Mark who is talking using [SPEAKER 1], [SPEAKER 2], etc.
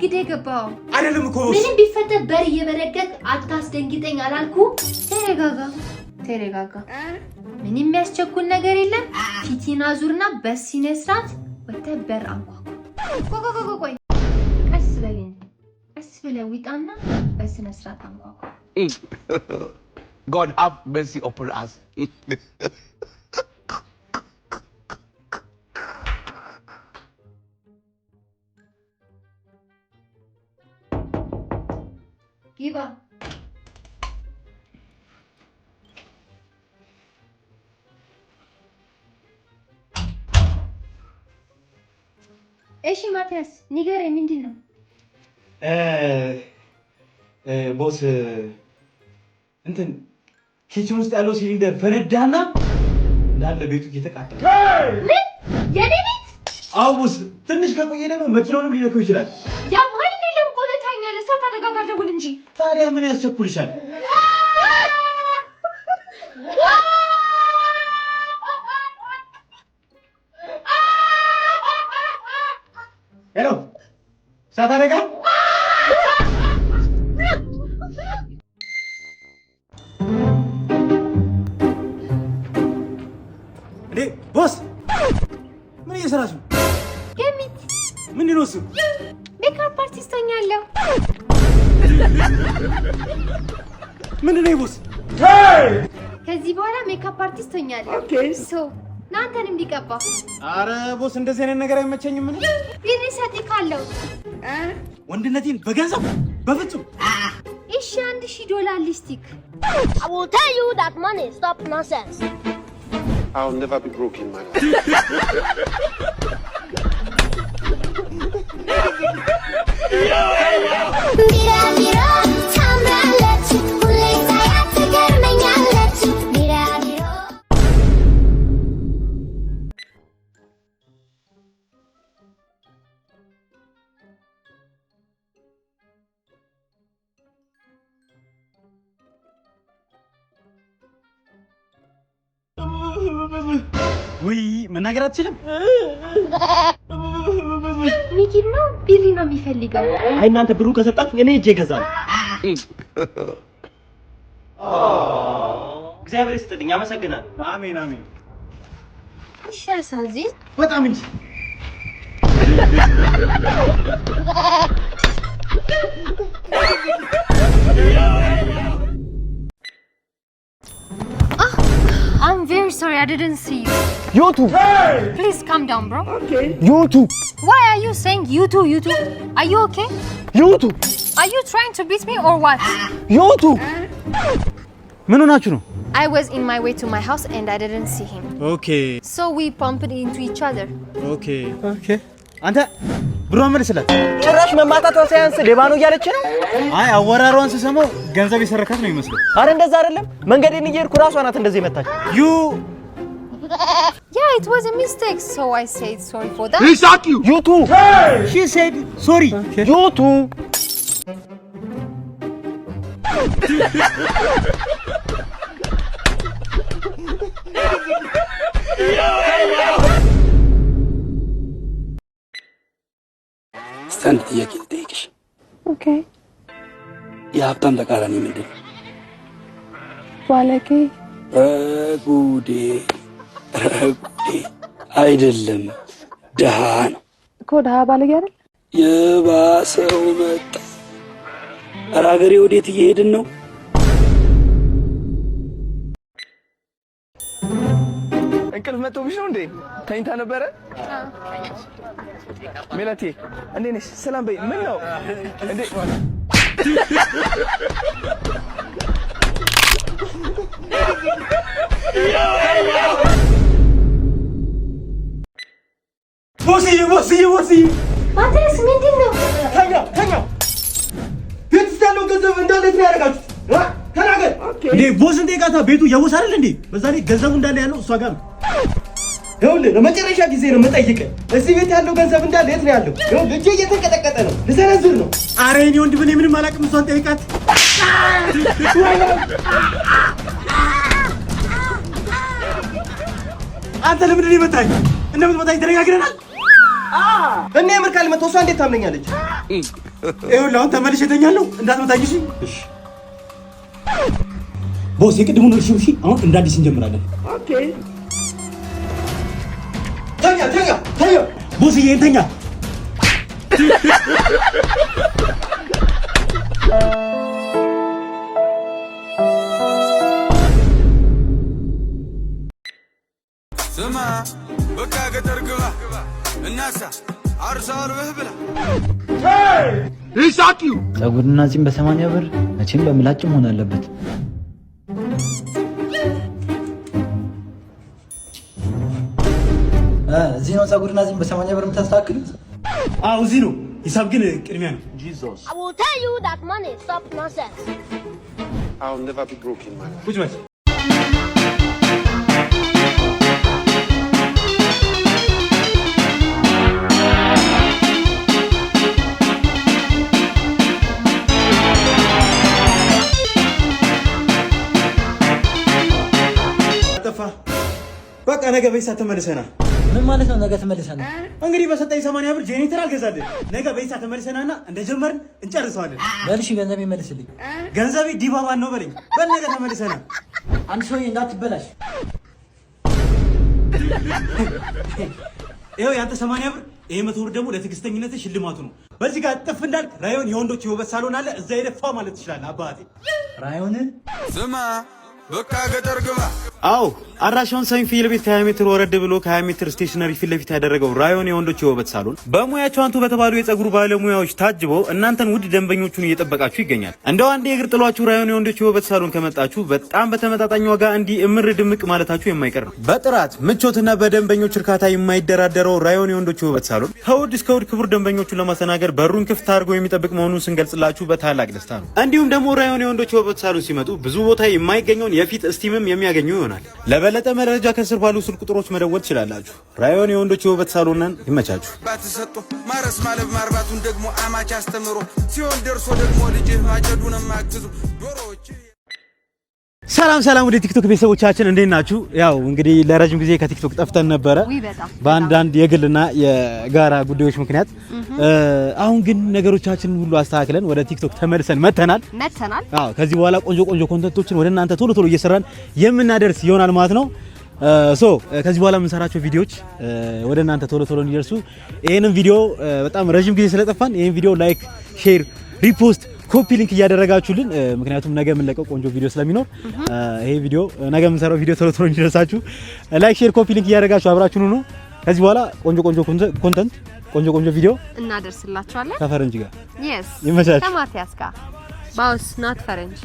[SPEAKER 1] እንግዲህ ገባው አይደለም እኮ ምንም ቢፈጠር በር እየበረገግ አታስደንግጠኝ አላልኩ? ተረጋጋ ተረጋጋ። ምንም የሚያስቸኩል ነገር የለም። ፊቲና ዙርና በስነ ስርዓት ወጥተህ በር አንኳኩ። ቆይ ቀስ በል ቀስ ብለህ ውጣና በስነ ስርዓት አንኳኩ።
[SPEAKER 2] God have mercy upon us.
[SPEAKER 1] Geber. እሺ ማቲያስ ንገረኝ፣ ምንድን ነው
[SPEAKER 2] ቦስ? እንትን ኪችን ውስጥ ያለው ሲሊንደር ፈነዳና እንዳለ ቤቱ እየተቃጠለ
[SPEAKER 1] የኔ ቤት።
[SPEAKER 2] አዎ ቦስ፣ ትንሽ ከቆየ ደግሞ መኪናውንም ሊነካው ይችላል። ያቦ ታዲያ ምን ያስቸኩልሻል? ሄሎ እሳት አደጋ እንዴ! ቦስ ምን እየሰራችሁ? ገሚት ምንድን ነው እሱ?
[SPEAKER 1] ሜካፕ አርቲስት ሆኛለሁ። ምንድን ነው ቦስ? ከዚህ በኋላ ሜካፕ አርቲስት ሆኛለሁ። ኦኬ ሰው ናንተንም ሊቀባ።
[SPEAKER 2] አረ ቦስ እንደዚህ አይነት ነገር አይመቸኝም። ምን
[SPEAKER 1] ቢኒ ሰጥካለሁ።
[SPEAKER 2] ወንድነቴን በገንዘብ በፍጹም።
[SPEAKER 1] እሺ አንድ ሺህ ዶላር ሊስቲክ I will tell you that money stop nonsense.
[SPEAKER 2] I'll never be broke in my life. ወይ መናገር አትችልም።
[SPEAKER 1] ሚኪን ነው ቢሊ ነው የሚፈልገው።
[SPEAKER 2] አይ እናንተ ብሩ ከሰጣችሁ እኔ እጄ እገዛለሁ። እግዚአብሔር ይስጥልኝ። አመሰግናለሁ። አሜን አሜን። እሺ በጣም እንጂ
[SPEAKER 1] Sorry, I didn't see you.
[SPEAKER 2] You too. Hey!
[SPEAKER 1] Please calm down, bro.
[SPEAKER 2] Okay. You too.
[SPEAKER 1] Why are you saying you too, you too? Are you okay? You too. Are you trying to beat me or what?
[SPEAKER 2] You too. ምን ሆናችሁ ነው?
[SPEAKER 1] I was in my way to my house and I didn't see him. Okay. So we pumped into each other.
[SPEAKER 2] Okay. Okay. አንተ ብሮ መልስላት። ጭራሽ መማጣት ሳያንስ ሌባ ነው እያለች ነው። አይ አወራሯን ስሰማው ገንዘብ የሰረካት ነው ይመስለው። አረ እንደዛ አይደለም። መንገዴን እየሄድኩ እራሷ ናት እንደዚህ የመታች ዩ
[SPEAKER 1] yeah, it was a mistake, so I said sorry for that.
[SPEAKER 2] He shot you! You too! Hey! She said sorry. Okay. You too! አንድ ጥያቄ ልጠይቅሽ። ኦኬ። የሀብታም ተቃራኒ ምንድን? ባለጌ። ጉዴ አይደለም ድሃ ነው
[SPEAKER 1] እኮ ድሃ ባለጌ አይደል?
[SPEAKER 2] የባሰው መጣ። ኧረ ወዴት እየሄድን ነው? እንቅልፍ መጥቶብሽ ነው እንዴ? ተኝታ ነበረ። ሜላቴ እንዴ ነሽ? ሰላም በይ። ምን ነው እንዴ? ወስይ
[SPEAKER 1] አንተስ ምንድን ነው?
[SPEAKER 2] ተኛ ተኛ። ቤት ውስጥ ያለው ገንዘብ እንዳለ እንትን ያደርጋችሁት ተናገር እንዴ! ቦስን ጠይቃታ። ቤቱ የቦስ አይደል እንዴ? በዛ ላይ ገንዘቡ እንዳለ ያለው እሷ ጋር ነው። ይኸውልህ ለመጨረሻ ጊዜ ነው የምጠይቅህ። እዚህ ቤት ያለው ገንዘብ እንዳለ የት ነው ያለው? ይኸውልህ እጄ እየተንቀጠቀጠ ነው፣ ልሰነዝር ነው። አረ የኔ ወንድም እኔ ምንም አላውቅም። እሷን ጠይቃት። አንተ ለምንድን ነው የመታኝ? እንደምትመታኝ ተነጋግረናል። እኔ የምር ካልመታው እሷ እንዴት ታምነኛለች? ይኸውልህ አሁን ተመልሼ እተኛለሁ እንዳትመታኝ። እሺ ቦስ፣ የቅድሙን እርሺው። እሺ አሁን እንደ አዲስ እንጀምራለን። ኦኬ ተኛ፣ ተኛ፣ ተኛ ቦስ፣ ተኛ
[SPEAKER 3] ስማ በቃ ገጠር ግባ እናሳ አርሶ አርበህ ብላ
[SPEAKER 2] ጸጉርና ጺም በሰማንያ ብር መቼም በምላጭ መሆን አለበት። እዚህ ነው ጸጉርና ጺም በሰማንያ ብር የምታስተካክሉት? አዎ እዚህ ነው። ሂሳብ ግን ቅድሚያ ነው። ጂዞስ ነገ በይሳ ተመልሰናል። ምን ማለት ነው ነገ ተመልሰናል? እንግዲህ በሰጠኝ ሰማንያ ብር ጄኔተር አልገዛልን። ነገ በይሳ ተመልሰናና እንደጀመርን እንጨርሰዋለን። በልሽ ገንዘብ ይመልስልኝ። ገንዘቤ ዲባባን ነው በለኝ። በነገ ተመልሰናል። አንድ ሰው እንዳትበላሽ። ይኸው ያንተ ሰማንያ ብር ይሄ መቶ ብር ደግሞ ለትዕግስተኝነት ሽልማቱ ነው። በዚህ ጋር ጥፍ እንዳልክ ራዮን የወንዶች የውበት ሳሎን አለ እዛ የደፋ ማለት ትችላለህ። አባቴ ራዮንን ስማ አው አራሻውን ሰሚ ፊል ቤት 20 ሜትር ወረድ ብሎ ከ20 ሜትር ስቴሽነሪ ፊት ለፊት ያደረገው ራዮን የወንዶች የውበት ሳሎን በሙያቸው አንቱ በተባሉ የፀጉር ባለሙያዎች ታጅቦ እናንተን ውድ ደንበኞቹን እየጠበቃችሁ ይገኛል። እንደው አንድ የእግር ጥሏችሁ ራዮን የወንዶች የውበት ሳሎን ከመጣችሁ በጣም በተመጣጣኝ ዋጋ እንዲህ እምር ድምቅ ማለታችሁ የማይቀር ነው። በጥራት ምቾትና በደንበኞች እርካታ የማይደራደረው ራዮን የወንዶች የውበት ሳሎን ከውድ እስከ ውድ ክቡር ደንበኞቹን ለማስተናገድ በሩን ክፍት አድርጎ የሚጠብቅ መሆኑን ስንገልጽላችሁ በታላቅ ደስታ ነው። እንዲሁም ደግሞ ራዮን የወንዶች የውበት ሳሎን ሲመጡ ብዙ ቦታ የማይገኘውን የፊት እስቲምም የሚያገኙ ይሆናል። ለበለጠ መረጃ ከስር ባሉ ስልክ ቁጥሮች መደወል ትችላላችሁ። ራዮን የወንዶች የውበት ሳሎንን ይመቻችሁ። ባትሰጦ ማረስ ማለብ ማርባቱን ደግሞ አማች አስተምሮ ሲሆን ደርሶ ደግሞ ልጅ ማጨዱንም አግዙ ዶሮዎች ሰላም ሰላም ወደ ቲክቶክ ቤተሰቦቻችን እንዴት ናችሁ? ያው እንግዲህ ለረጅም ጊዜ ከቲክቶክ ጠፍተን ነበረ በአንዳንድ የግልና የጋራ ጉዳዮች ምክንያት። አሁን ግን ነገሮቻችንን ሁሉ አስተካክለን ወደ ቲክቶክ ተመልሰን መተናል መተናል። አዎ ከዚህ በኋላ ቆንጆ ቆንጆ ኮንተንቶችን ወደ እናንተ ቶሎ ቶሎ እየሰራን የምናደርስ ይሆናል ማለት ነው። ሶ ከዚህ በኋላ የምንሰራቸው ቪዲዮዎች ወደ እናንተ ቶሎ ቶሎ እንዲደርሱ ይሄንን ቪዲዮ በጣም ረጅም ጊዜ ስለጠፋን ይሄን ቪዲዮ ላይክ፣ ሼር፣ ሪፖስት ኮፒ ሊንክ እያደረጋችሁልን፣ ምክንያቱም ነገ የምንለቀው ቆንጆ ቪዲዮ ስለሚኖር ይሄ ቪዲዮ ነገ የምንሰራው ቪዲዮ ቶሎ ቶሎ እንዲደርሳችሁ ላይክ፣ ሼር፣ ኮፒ ሊንክ እያደረጋችሁ አብራችሁን ሁኑ። ከዚህ በኋላ ቆንጆ ቆንጆ ኮንተንት፣ ቆንጆ ቆንጆ ቪዲዮ
[SPEAKER 1] እናደርስላችኋለን
[SPEAKER 2] ከፈረንጅ ጋር ይመቻችሁ።
[SPEAKER 1] ከማቲያስ ጋር ባውስ ናት ፈረንጅ